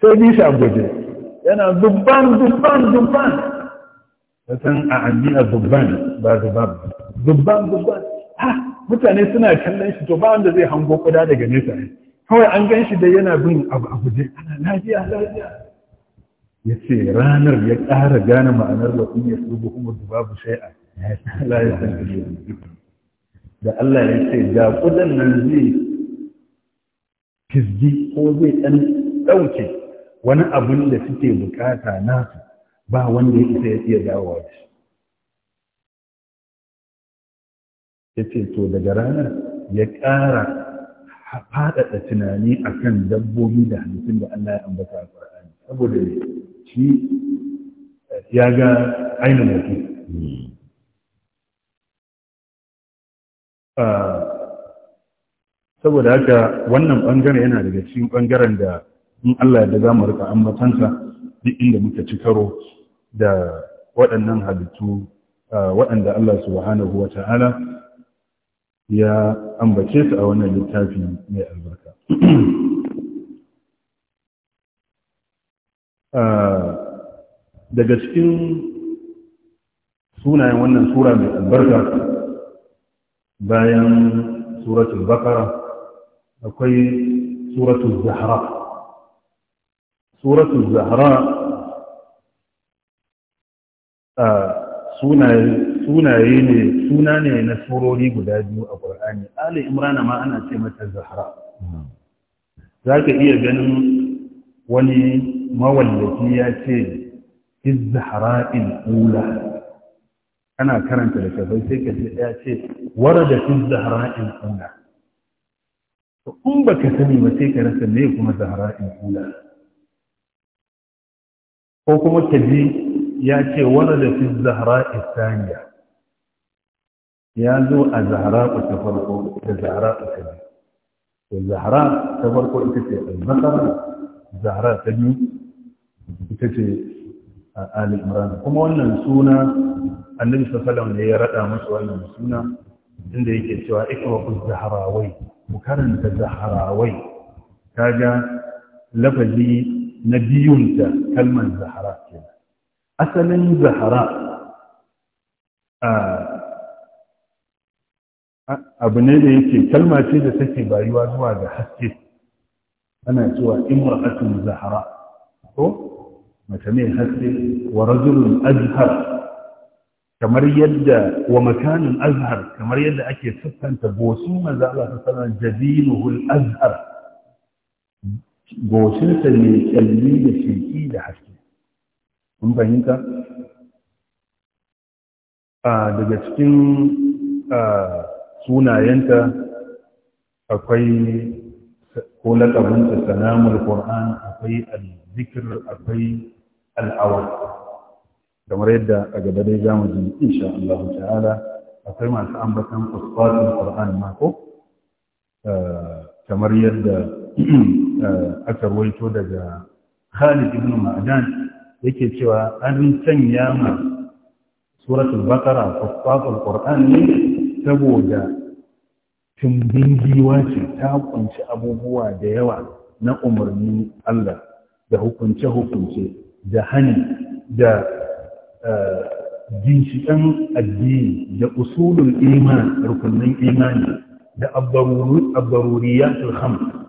sai bi shi a yana dubban dubban dubban ta san a addini dubban ba dubban dubban dubban ha mutane suna kallon shi to ba wanda zai hango kuda daga nesa ne kawai an gan shi da yana bin abu a guje ana lafiya lafiya ya ce ranar ya ƙara gane ma'anar da kun ya tsubu kuma da babu shai'a ya da Allah ya ce ga kudan nan zai fizgi ko zai ɗan ɗauke wani abun da suke bukata nasu ba wanda ya isa ya iya dawowa da shi ya ce to daga ranar ya ƙara faɗaɗa tunani a kan dabbobi da halittun da Allah ya ambata a Qur'ani saboda shi eh, ya ga ainihin mutum ah, saboda haka wannan ɓangare yana daga cikin ɓangaren da in Allah da za mu rika ambatansa duk inda muka ci karo da waɗannan halittu ah, waɗanda Allah subhanahu wa ta'ala ya ambace su a wannan littafi mai albarka ah, daga cikin sunayen wannan sura mai albarka bayan suratul bakara akwai suratul zahra suratul zahra ah, sunayen sunaye ne suna ne na surori guda biyu a ƙwar'ani ali imrana ma ana ce mata zahra za ka iya ganin wani mawallafi ya ce in ula ana karanta da kafai sai ka ce ya ce wara da in ula in ba ka sani ba sai ka rasa me kuma in ula ko kuma ta ji ya ce wara da fi zahra isaniya ya zo a zahra'u ta farko da zahra'u ta biyu to zahra ta farko ita ce al-bakara zahra ta biyu ita ce ali imran kuma wannan suna annabi sallallahu ne ya rada musu wannan suna inda yake cewa ikra'u zahrawai ku karanta zahrawai kaga lafazi na biyunta kalmar zahra kenan asalin zahra a abu ne da yake kalma ce da take bayuwa zuwa ga haske ana cewa imra'atun zahara ko mace mai haske wa rajulun azhar kamar yadda wa makanin azhar kamar yadda ake sassanta gosu manzo Allah ta sanar jabinuhul azhar goshinsa ne kalli da sheki da haske mun fahimta ah, daga cikin ah, sunayenta akwai ko laƙabinta sanamul qur'an akwai al-zikr akwai al-awal kamar yadda a gaba dai za mu ji insha Allah ta'ala akwai masu ambatan usfatul qur'an mako. Eh, kamar yadda eh, aka ruwaito daga Khalid ibn Ma'dan yake cewa an sanya ma suratul baqara usfatul qur'an ne saboda tumbin giwa ce ta kunci abubuwa da yawa na umarni Allah da hukunce-hukunce da hani da eh, ginshiƙan addini da usulun iman rukunin imani da abbaruriyatul ham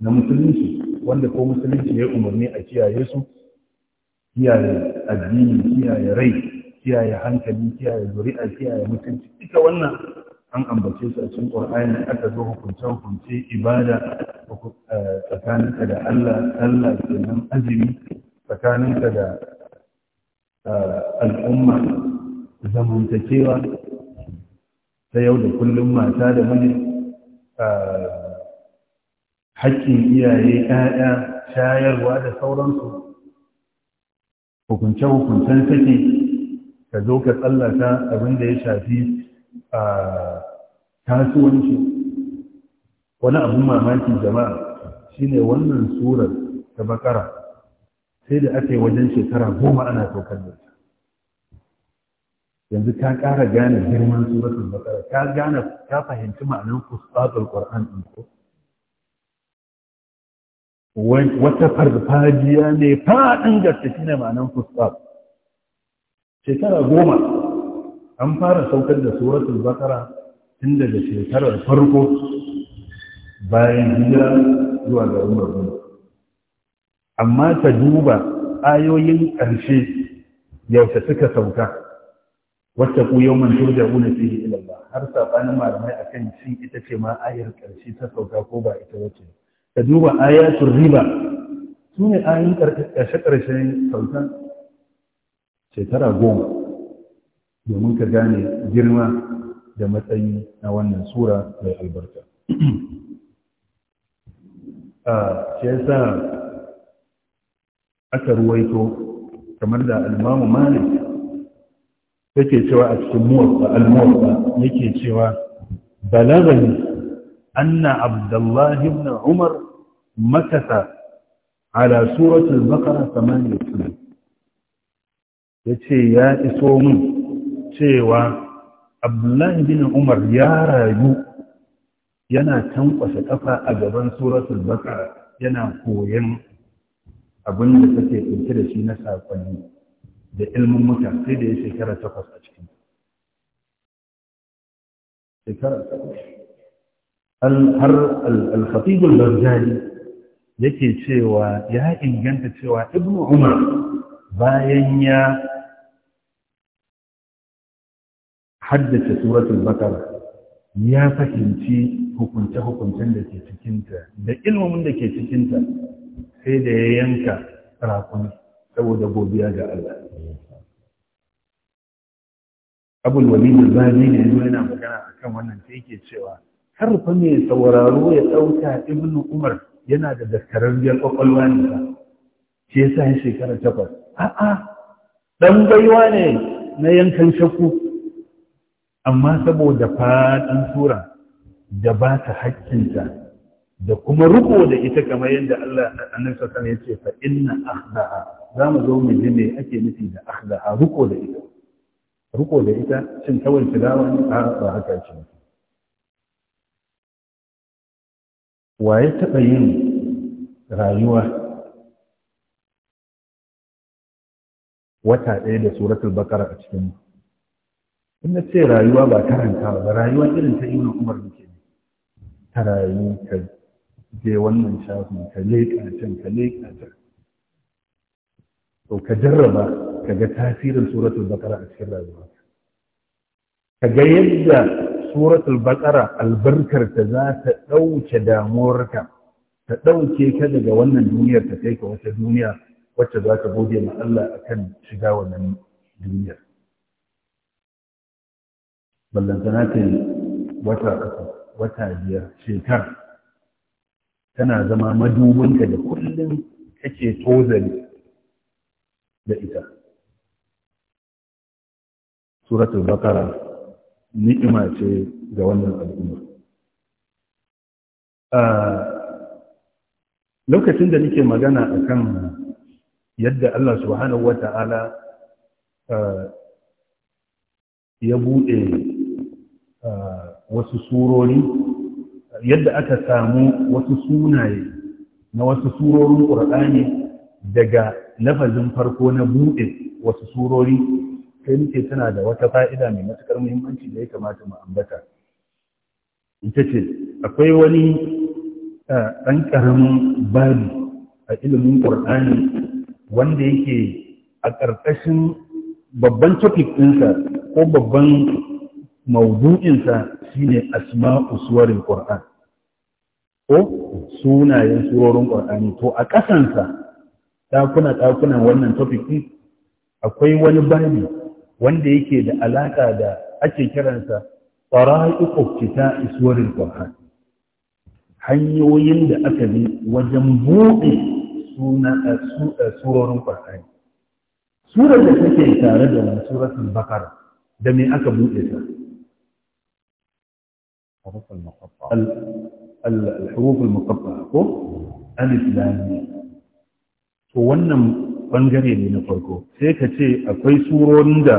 na musulunci wanda ko musulunci ya umarni a kiyaye su kiyaye addini kiyaye rai kiyaye hankali kiyaye zuri'a kiyaye mutunci duka wannan an ambace su a cikin qur'ani aka zo hukunce hukunce ibada tsakaninka da Allah sallah kenan azumi tsakaninka da al'umma zamantakewa ta yau da kullum mata da miji haƙƙin iyaye ƴaƴa shayarwa da sauransu hukunce-hukuncen sake ka zo ka tsallaka abin da ya shafi a kasuwanci wani abin mamaki jama'a shine wannan surar ta bakara sai da aka yi wajen shekara goma ana saukar da ta yanzu ka kara gane girman suratul bakara ka gane ka fahimci ma'anar fustatul qur'an din ko wata farfajiya ne faɗin gaske shine ma'anar fustat shekara goma an fara saukar da suratul bakara tun daga shekarar farko bayan hijira zuwa ga umar amma ta duba ayoyin ƙarshe yaushe suka sauka wata ku yau man da una fi ilallah har saɓanin malamai akan shi ita ce ma ayar ƙarshe ta sauka ko ba ita wace ta duba ayatul riba su ne ayoyin ƙarshe-ƙarshen sauka shekara goma domin ka gane girma da matsayi na wannan sura mai albarka a ah, shi aka ruwaito kamar da almamu malik yake cewa a cikin muwaffa al yake cewa balagani anna abdullahi ibn umar makasa ala suratul baqara 8 ya ce ya iso mun cewa abdullahi bin umar ya rayu yana tankwashe kafa a gaban suratul baqara yana koyon abin da take ɗauke da shi na sakonni da ilmin muta sai da ya shekara takwas a cikin shekara takwas har al-khatibul barzali yake cewa ya inganta cewa ibnu umar bayan ya haddace suratul bakara ya fahimci hukunce-hukuncen da ke cikinta da ilmomin da ke cikinta sai da ya yanka rakun saboda godiya ga Allah abul walid da ne yana magana akan wannan sai yake cewa karfa mai sauraro ya ɗauka ibn umar yana da daskararriyar kwakwalwa ne ba shi sa shekara takwas a'a ɗan baiwa ne na yankan shakku amma saboda faɗin sura da ba ta haƙƙinta da kuma riko da ita kamar yadda Allah annabi sallallahu ya ce fa inna akhdaha za mu zo mu ji me ake nufi da akhdaha riko da ita riko da ita cin kawai tilawa a ba haka ce wa ya taɓa yin rayuwa wata ɗaya da suratul bakara a cikin in na ce rayuwa ba karanta ba rayuwa irin ta ibn umar muke ne ta rayu ka je wannan shafin ka leƙa can ka leƙa can to ka jarraba ka ga tasirin suratul baqara a cikin rayuwa ka ga yadda suratul baqara albarkar ta za ta ɗauke damuwarka ta ɗauke ka daga wannan duniyar ta kai ka wata duniya wacce za ka gode ma Allah akan shiga wannan duniyar ballantana ta yi wata uku wata biyar shekar tana zama madubinta da kullum kake tozari da ita suratul bakara ni'ima ce ga wannan al'umma lokacin da nake magana akan yadda Allah subhanahu wa Ta'ala eh, ya buɗe Eh, wasu surori yadda aka samu wasu sunaye na wasu surorin ƙur'ani daga lafazin farko na buɗe wasu surori sai muke tana da wata fa'ida mai matuƙar muhimmanci da ya kamata mu ambata ita ce akwai wani eh, ɗan ƙaramin bari a ilimin ƙur'ani wanda yake a ƙarƙashin babban topic ɗinsa ko babban mawdu'insa shine asma'u suwarin qur'an ko sunayen surorin qur'ani to a kasansa ɗakuna kuna wannan topic din akwai wani babi wanda yake da alaka da ake kiransa fara'iqu kitab suwarin qur'an hanyoyin da aka bi wajen buɗe suna eh, surorin qur'ani surar da take tare da suratul baqara da me aka buɗe ta الحروف المقطعة الحروف المقطعة ko alif lam to wannan bangare ne na farko sai ka ce akwai surorin da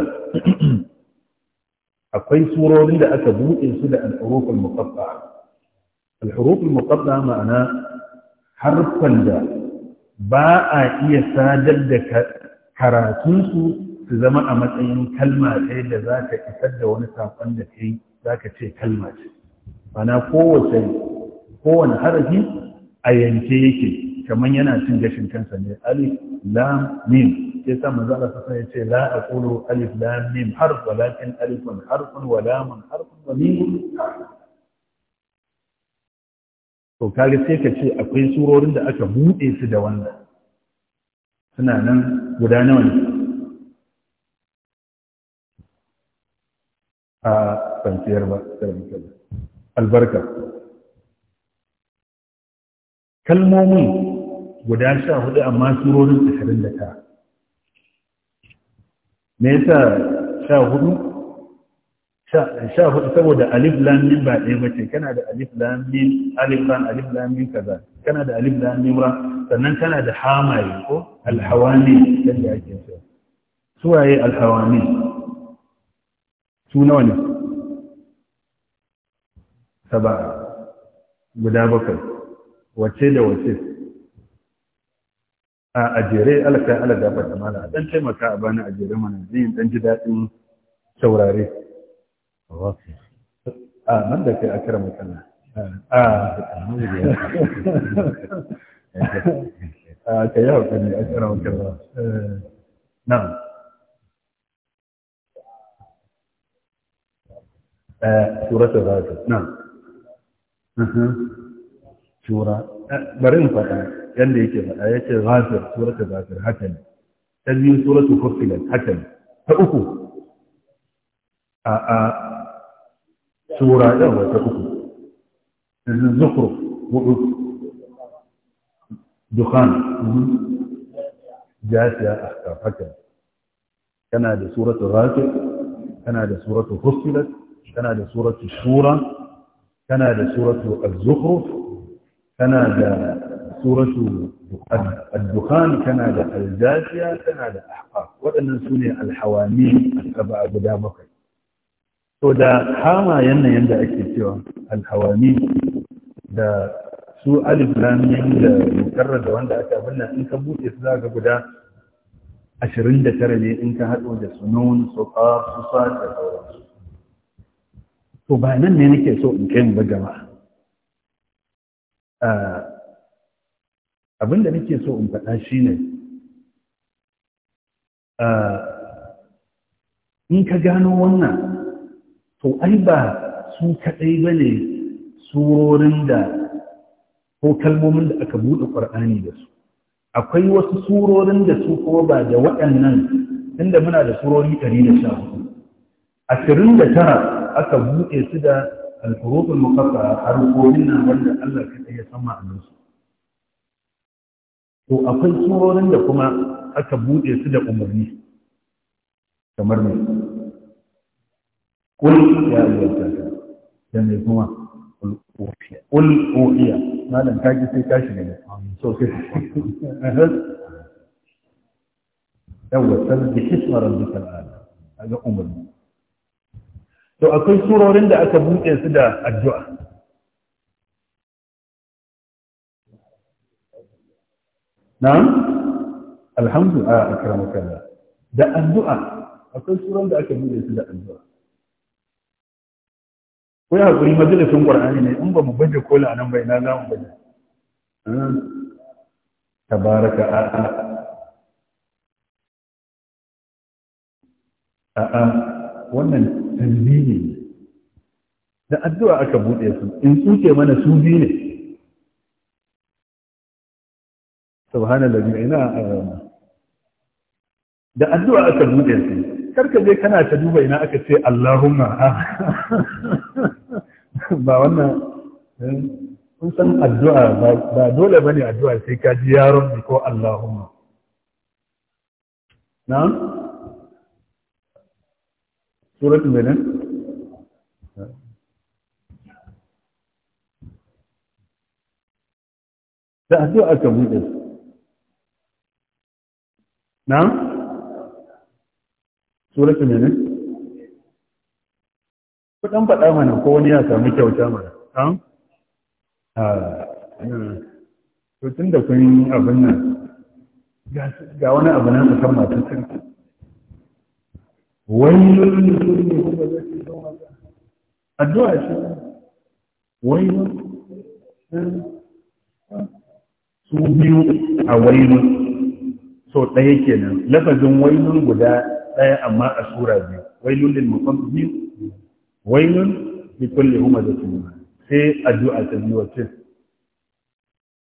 akwai surorin da aka buɗe su da al-huruf al-muqatta'a al-huruf al-muqatta'a ma'ana harfan da ba a iya sadar da karatun su su zama a matsayin kalma ɗaya da za ka isar da wani saƙon da kai za ka ce kalma ce mana kowace kowane harafi a yanke yake kamar yana cin gashin kansa ne alif lam mim sai sa manzo Allah sai ya ce la aqulu alif lam mim harf walakin alifun harfun wa lamun harfun wa mim to kage sai ka ce akwai surorin da aka buɗe su da wannan suna nan guda nawa ne a kwanciyar ba da mutum albarka kalmomin guda sha hudu amma surorin ashirin da ta me yasa sha hudu sha hudu saboda alif lamin ba ɗaya ba ce kana da alif lamin alif ran alif lamin kaza kana da alif lamin ra sannan kana da hamaye ko alhawani yadda ake so suwaye alhawani su nawa ne saba guda bakwai wace da wace a ajere alaka alaga ba da mala dan taimaka a bani ajere mana zai dan ji daɗin saurare a nan da kai a kira makana a ka yi hankali a kira makana na'am سورة الرعد نعم shura bari in faɗa yadda yake faɗa ya ce ghafir suratu ghafir haka ne ta biyu suratu fussilat haka ne ta uku a a sura yawa ta uku zukru hudu dukhan jasiya ahkam haka ne kana da suratu ghafir kana da suratu fussilat kana da suratu shura kana da suratu al zukhruf kana da suratu ad-dukhan kana da al kana da ahqaf waɗannan sune al-hawami al guda bakwai to da hama nan yanda ake cewa al-hawami da su alif lam mim da mukarrar da wanda aka binna in ka buɗe su zaka guda 29 ne in ka haɗo da sunun su qaf da sauransu to ba nan ne nake so in kai ba jama'a ah, abinda nake so in faɗa shi ne ah, in ka gano wannan to ai ba su kaɗai ba ne surorin da ko kalmomin da aka buɗe ƙwar'ani da su akwai wasu surorin da su kuma ba da waɗannan inda muna da surori hudu? ashirin da tara aka buɗe su da alfurufin mukaffa harkokin nan wanda Allah ka ya san ma'anarsu to akwai surorin da kuma aka buɗe su da umarni kamar mai kul ya ayyuka da mai kuma kul ohiya malam ta ji sai ka shiga ne so sai yawwa sanar da hismar rabbika a ga umarni to akwai surorin da aka buɗe su da addu'a na'am alhamdu a akramukallah da addu'a akwai surorin da aka buɗe su da addu'a ko ya haƙuri majalisun ƙwar'ani ne in ba mu baje kola nan bai na za mu baje tabaraka a'a a'a wannan tanzini ne da addu'a aka buɗe su in suke mana su biyu ne subhanallah ina um, da addu'a aka buɗe su karka je kana ta duba ina aka ce Allahumma ba wannan um, kun san addu'a ba dole ba ne addu'a sai ka ji ya ko Allahumma na'am suratu menen da addu'a aka buɗe na suratu menen ku faɗa mana ko wani ya sami kyauta mana an to tun da kun yi abin nan ga wani abu na musamman ta sarki wailun likulli humazatin lumaza addu'a ce wailun su biyu a wailun so ɗaya kenan lafazin wailun guda ɗaya amma a sura biyu wailun lil mutaffifin wailun likulli humazatin lumaza sai addu'a ta biyu wacce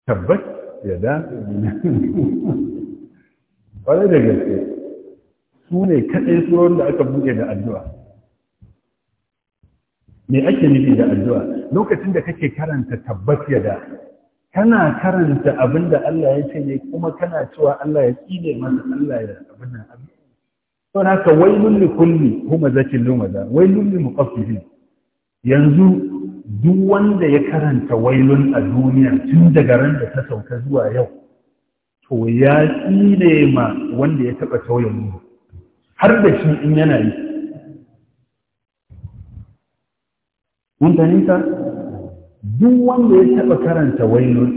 tabbat ya da ƙwarai da gaske su ne kaɗai surorin da aka buɗe da addu'a me ake nufi da addu'a lokacin da kake karanta tabbas da kana karanta abin da Allah ya ce ne kuma kana cewa Allah ya tsine masa Allah ya abin nan abin to naka wai kulli lumaza yanzu duk wanda ya karanta wailun a duniya tun daga ran da ta sauka zuwa yau to ya tsine ma wanda ya taɓa tauye mu har da shi in yana yi mun fahimta duk wanda ya taɓa karanta wailun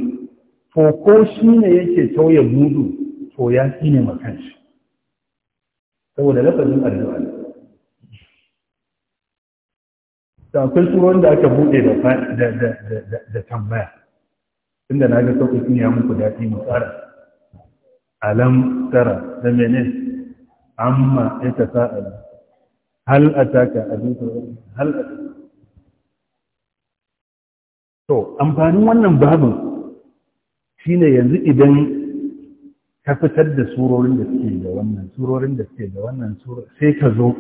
to ko shi ne yake tauye gudu to ya shi ne makan shi saboda lafazin addu'a ne da akwai tsoron da aka buɗe da tambaya inda na ga sauƙi ya muku daɗi mu tsara alam tara da menene amma ya ta sa'adu hal a taka abin hal a to amfanin wannan babin shi ne yanzu idan ka fitar da surorin da suke da wannan surorin da suke da wannan sai ka zo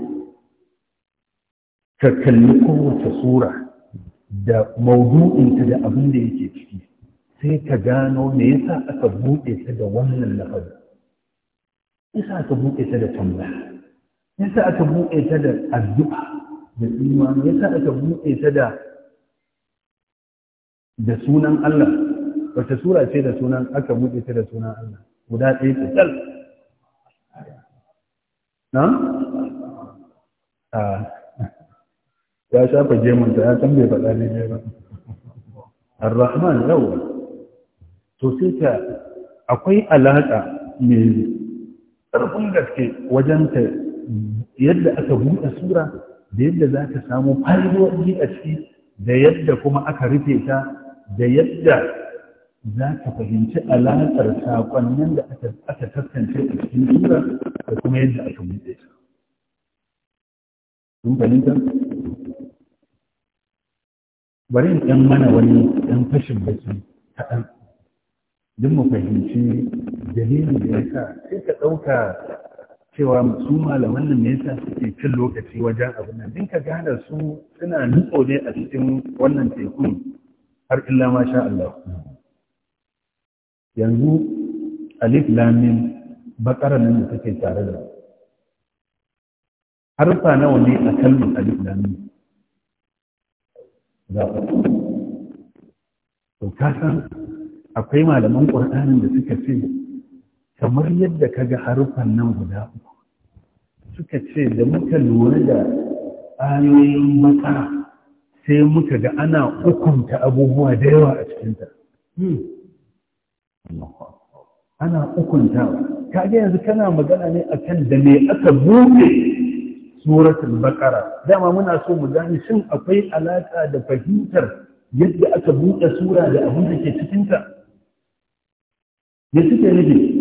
ka kalli kowace sura da maudu'inta da abin da yake ciki sai ka gano me yasa aka buɗe ta da wannan lafazi yasa aka buɗe ta da tambaya yasa aka buɗe ta da addu'a da imani yasa aka buɗe ta da da sunan Allah wata sura ce da sunan aka buɗe ta da sunan Allah guda ɗaya ce tsal na ya shafa jemunta ya san bai faɗa ne ba ar-rahman yawa to sai ta akwai alaƙa mai ƙarfin gaske wajen yadda aka buɗe sura da yadda za ka samu fa'idodi a ciki da yadda kuma aka rufe ta da yadda za ka fahimci alaƙar saƙonnin da aka tattance a cikin sura da kuma yadda aka buɗe ta. Sun fahimta? Bari in ɗan mana wani ɗan fashin baki kaɗan. duk mu fahimci dalilin da sa sai ka ɗauka cewa su malaman nan ne yasa suke cin lokaci wajen abin nan din ka gane su suna nutso ne a cikin wannan teku har illa ma sha Allah yanzu alif lamin bakara nan da take tare da harfa nawa ne a kalmar alif lamin za ku to ka san akwai malaman ƙur'anin da suka ce kamar yadda ka ga harufan nan guda uku suka ce da muka lura da ayoyin mata sai muka ga ana hukunta abubuwa da yawa a cikinta hmm. ana hukuntawa kage yanzu kana magana ne akan da me aka buɗe suratul baqara dama muna so mu gani shin akwai alaƙa da fahimtar yadda aka buɗe sura da abin da ke cikinta? me suke nufi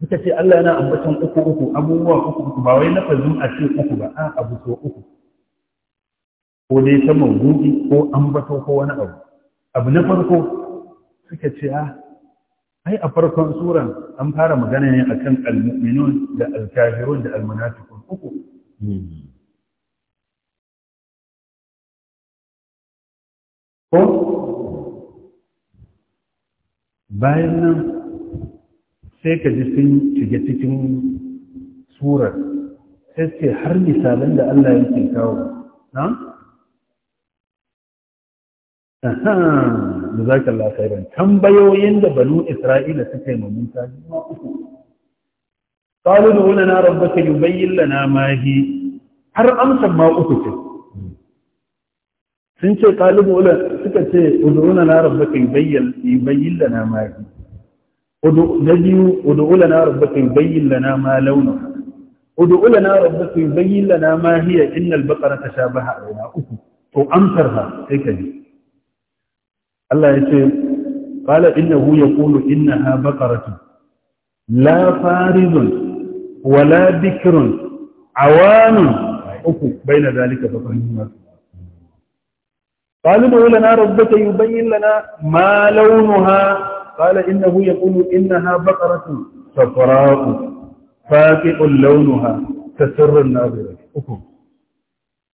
suka ce Allah yana ambaton uku uku abubuwa uku uku ba wai lafazin a ce uku ba a abu so uku ko dai ta mawdu'i ko ambaton ko wani abu abu na farko suka ce a ah, ai a farkon suran an fara magana ne a al-mu'minun da al da al-munafiqun uku ko bayan nan sai ka ji sun shiga cikin surar sai ce har misalan da Allah ya ke kawo na? aha da za ka lafairan tambayoyin da banu isra'ila suka yi mamunta قالوا دعونا لنا ربك yi لنا ما هي har amsan ma uku ce sun ce ƙalibu ula suka ce uduruna na rabbaka yubayyin lana ma hi ادعو ادعو لنا ربك يبين لنا ما لونها ادعو لنا ربك يبين لنا ما هي ان البقره تشابه علينا او انثرها هيك دي الله يقول قال انه يقول انها بقره لا فارض ولا بكر عوان بين ذلك فقرهما قالوا لنا ربك يبين لنا ما لونها قال إنه يقول إنها بقرة صفراء فاكئ لونها تسر الناظر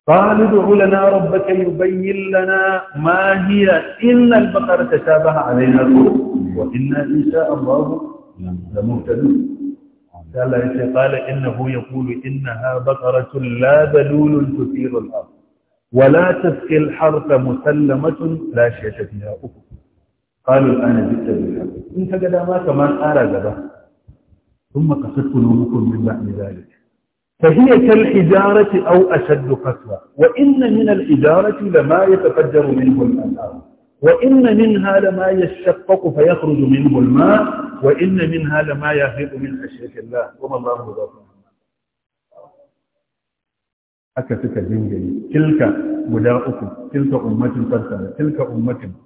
قال ادع لنا ربك يبين لنا ما هي إن البقرة تشابه علينا وإنا إن شاء الله لمهتدون قال قال إنه يقول إنها بقرة لا ذلول تثير الأرض ولا تسقي الحرث مسلمة لا شيء فيها أخر قالوا الآن جئت بالحق إن فقد ما كمان آرى ذبا ثم قصدت قلوبكم من بعد ذلك فهي كالحجارة أو أشد قسوة وإن من الحجارة لما يتفجر منه الأنهار وإن منها لما يشقق فيخرج منه الماء وإن منها لما يهيئ من خشية الله وما الله غفور aka suka تلك tilka تلك أمة tilka ummatin farsala تلك ummatin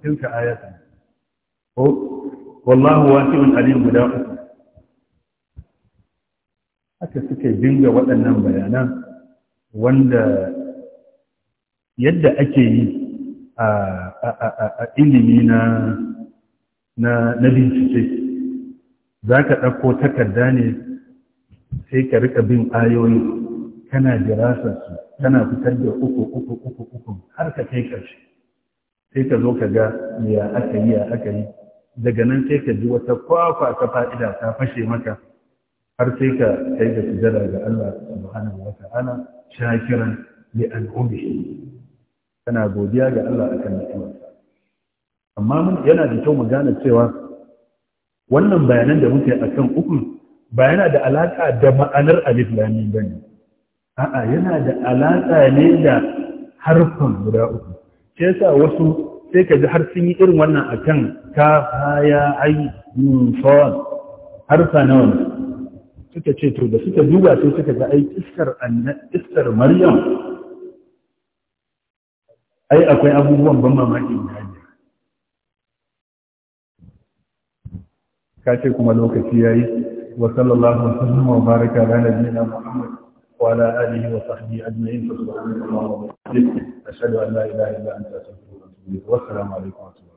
wallahu wasi'un alim guda uku haka suke dinga waɗannan bayanan wanda yadda ake yi a ilimi na bincike za ka ɗauko takarda ne sai ka rika bin ayoyi kana su, kana fitar da uku uku uku uku har ka kai karshe sai ka zo ka ga ya aka yi ya aka yi daga nan sai ka ji wata kwakwa ta fa'ida ta fashe maka har sai ka kai da sujada ga Allah subhanahu wa ta'ala shakiran li an'umihi kana godiya ga Allah akan ni'imarsa amma yana da kyau mu gane cewa wannan bayanan da muke akan uku ba yana da alaƙa da ma'anar alif lam mim bane a'a yana da alaƙa ne da harfan guda uku sai sa wasu sai ka ji har sun yi irin wannan a kan ka haya ai nufon harfa na wani suka ce to da suka duba sai suka ga ai iskar maryam ai akwai abubuwan ban mamaki da hajiya ka ce kuma lokaci ya yi wa sallallahu alaihi wa sallam wa baraka ala nabiyina muhammad وعلى آله وصحبه أجمعين فسبحانك اللهم وبحمدك أشهد أن لا إله إلا أنت أستغفرك wassalamu alaikum